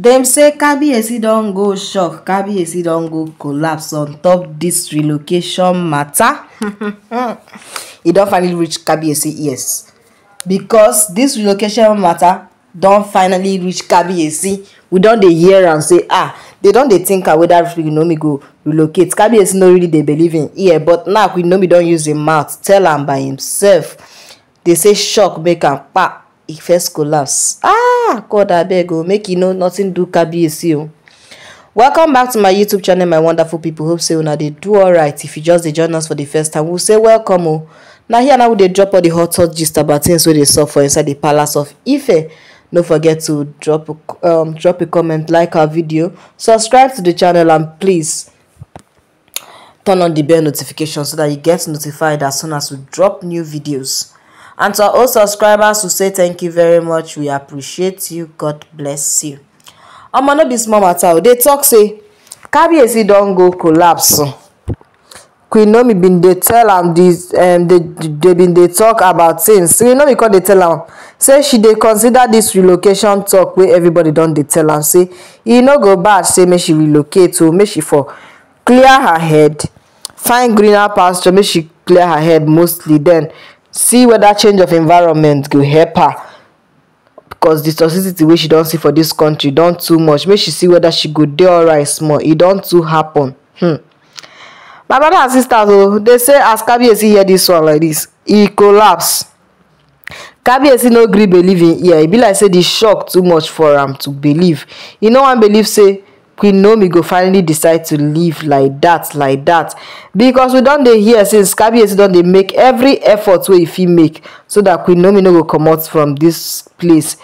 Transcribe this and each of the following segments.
dem say kabiyesi don go shock kabiyesi don go collapse on top dis relocation mata e don finally reach kabiyesi ears because dis relocation mata don finally reach kabiyesi we don dey hear am say ah they don dey think am whether Queen go relocate kabiyesi no really dey believe im ear but now Queen Naomi don use im mouth tell am by himself dey say shock make am kpa e first collapse ah ah god abeg o make you know nothing do kabi kabiyesi o welcome back to my youtube channel my wonderful people hope say una dey do alright if you just dey join us for the first time we say welcome Oh, na here now we dey drop all the hot hot gist about things wey dey sup for inside the palace of ife no forget to drop um, drop a comment like our video subscribe to the channel and please turn on the bell notification so that you get notified as soon as we drop new videos And to all subscribers who say thank you very much, we appreciate you. God bless you. Omo no be small matter o. Dey talk say Kabiyesi don go collapse. Queen Naomi bin dey tell am dis um, dey dey bin dey talk about things. Queen Naomi come dey tell am say she dey consider this relocation talk wey everybody don dey tell am say e no go bad say make she relocate o make she for clear her head find greener pasture make she clear her head mostly then see whether change of environment go help her because the toxicity wey she don see for this country don too much make she see whether she go dey alright small e don too happen hmm. my brother and sisters o they say as kabiyesi hear this one like this, e collapse kabiyesi no gree believe im ear e be like say di shock too much for am to believe e no wan believe say queen naomi go finally decide to leave like that, like that, because we don dey hear since kabiyesi don dey make every effort wey e fit make so that queen naomi no go comot from this place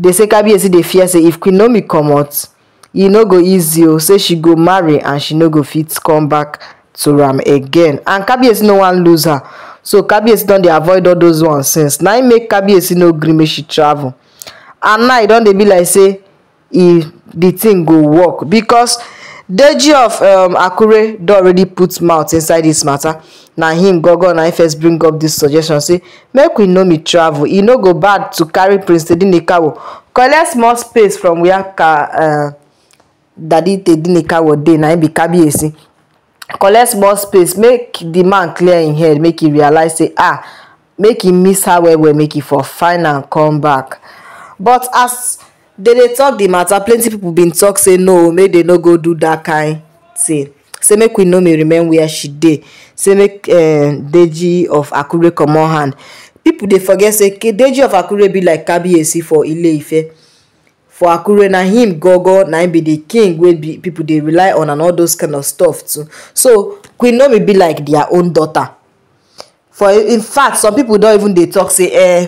They say kabiyesi dey fear say if queen naomi comot e no go easy o say she go marry and she no go fit come back to am again and kabiyesi no wan lose her so kabiyesi don dey avoid all those ones since na im make kabiyesi no gree make she travel and now e don dey be like say e the thing go work because deji of um, akure don already put mouth inside this matter na him gangan na him first bring up this suggestion say make we me travel e no go bad to carry prince tedinekawo collect small space from where ka uh, daddy tedinekawo dey na him be kabiyesi collect small space make the man clear im head make he realize say ah make he miss her well well make he for find am come back but as They they talk the matter plenty people been talk say no make they no go do that kind. tin say make queen nomi remain wia she dey say make eh, deji of akure comot hand People dey forget say deji of akure be like kabiyesi for ile ife for akure na him gogo na him be the king wey be people dey rely on and all those kind of stuff too so queen nomi be like their own daughter for in fact some people don even dey talk say eh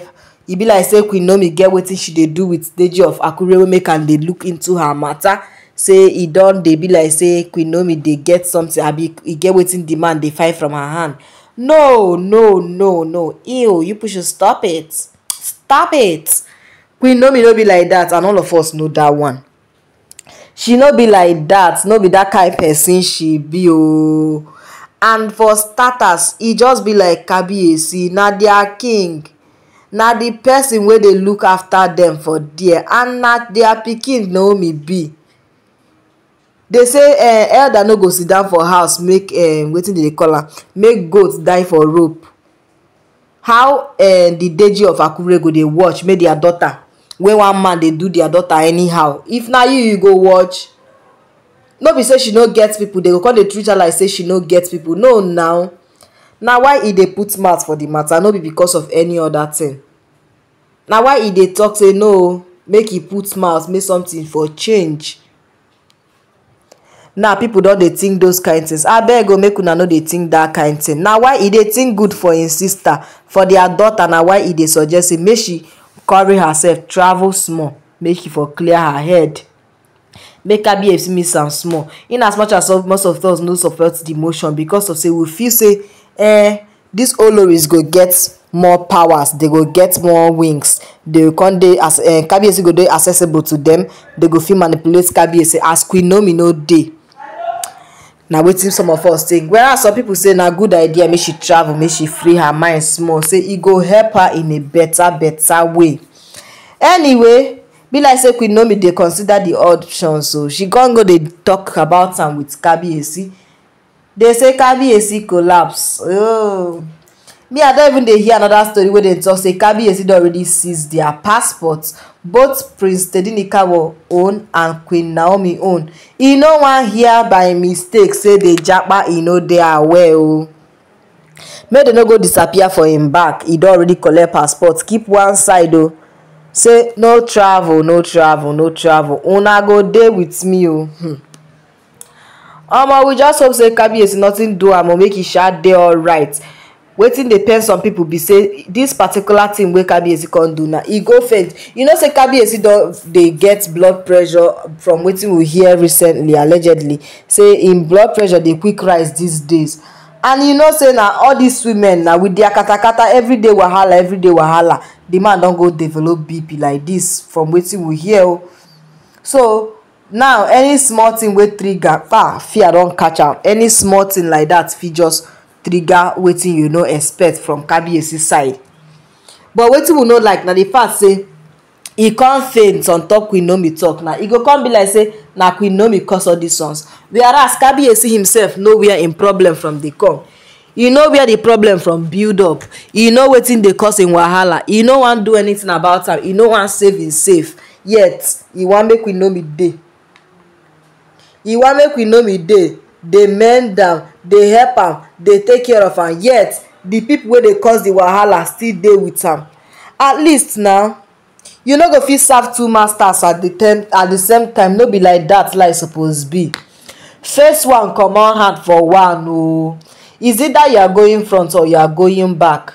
e be like say queen nomi get wetin she dey do wit deji of akure wey make am dey look into her matter say e don dey be like say queen nomi dey get something abi e get wetin di man dey find from her hand no no no no ew you push stop it stop it queen nomi no be like that. and all of us know that one she no be like that. no be dat kain person. she be ooo oh. and for starters e just be like kabiyesi na dia king na the person wey dey look after them for dia and na dia pikin naomi be They say eh, elder no go sit down for house make eh, wetin dey call am make goat die for rope how eh, the deji of akure go they watch make their daughter when one man they do their daughter anyhow if na you you go watch no be say she no gets people. They go call the treat her like say she no gets people. no now na why e dey put mouth for the matter no be because of any other thing. na why e dey talk say no make e put mouth make something for change now people don dey think those kain tins abeg o make una no dey think that kain thing. na why e dey think good for im sister for their daughter na why e dey suggest say make she carry herself travel small make she for clear her head make her be miss am small in as much as most of us no support the motion because of say we feel say eh this oloris go get more powers they go get more wings they come dey as um, eh, kabiyesi go dey accessible to them. they go fit manipulate kabiyesi as queen naomi no dey na wetin some of us think whereas some people say na good idea make she travel make she free her mind small say e go help her in a better better way anyway be like say queen naomi dey consider the options o she con go dey talk about am with kabiyesi They say kabiyesi collapse oh. me i don't even dey hear another story wey dey talk say kabiyesi don already seize their passports both prince tedinikawo own and queen naomi own e no wan hear by mistake say dey japa e no dey aware o. Oh. make dem no go disappear for im back e don already collect passport keep one side o oh. say no travel no travel no travel una go dey with me o. Oh. Hmm omo we just hope say kabiyesi nothing do am o make e sha dey alright wetin dey pain some pipo be say dis particular thing wey kabiyesi come do na e go faint you know say kabiyesi don dey get blood pressure from wetin we hear recently allegedly say im blood pressure dey quick rise these days and you know say na all dis women na with dia katakata everyday wahala everyday wahala di man don go develop bp like dis from wetin we hear o so now any small thing wey trigger ah fear don catch am any small thing like that, fit just trigger wetin you no expect from kabiyesi side but wetin we no like na the fact say e come faint on top queen nomi talk na e go come be like say na queen nomi cause all these ones whereas kabiyesi himself know where im problem from dey come e know where the problem from build up e know wetin dey cause im wahala e no wan do anything about am e no wan save im safe yet e wan make queen nomi dey He wan make we know me dey dey mend am dey help am dey take care of am yet the people wey dey cause the wahala still dey with am at least now, you no go fit serve two masters at the tem at the same time no be like that life suppose be First one comot hand for one Oh, is it that you are going front or you are going back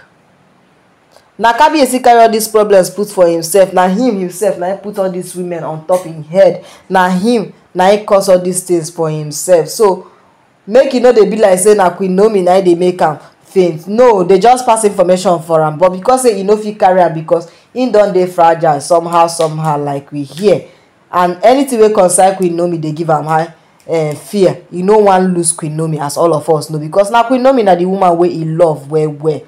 na kabiyesi carry all these problems put for himself na him himself na he put all these women on top him head na him na he cause all these things for himself so make e no dey be like say na queen Nomi, na dey make am faint no they just pass information for am but because say e no fit carry am because e don dey fragile somehow somehow like we hear and anything wey concern queen Nomi, dey give am high uh, fear e no wan lose queen Nomi as all of us know because na queen Nomi, na the woman wey e love well well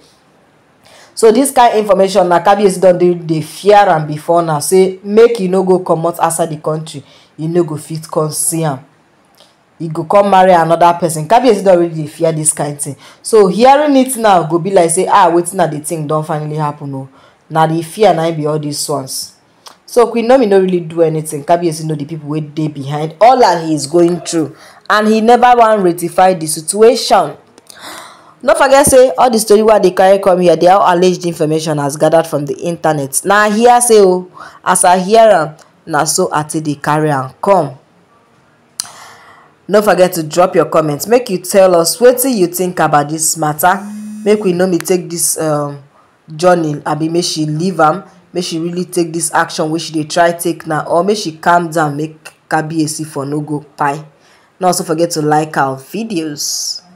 so dis kain information na kabiyesi don dey fear am before now say make you e no go comot outside the country you e no go fit come see am e go come marry another person kabiyesi don already dey fear dis kain thing so hearing it now go be like say ah wetin na the thing don finally happen o na the fear na be all these ones so queen nomi no really do anything kabiyesi know the people wey dey behind all that he is going through and he never wan rectify the situation Don't forget, say all the story what they carry come here, they all alleged information as gathered from the internet. Now here say oh, as I hear am, na so ati dey carry am come. No forget to drop your comments. Make you tell us wetin you think about this matter. Make we know me take this um, journey, abi make she leave am, make she really take this action wey she dey try take now, or make she calm down, make Kabiyesi for no go kpai. No also forget to like our videos.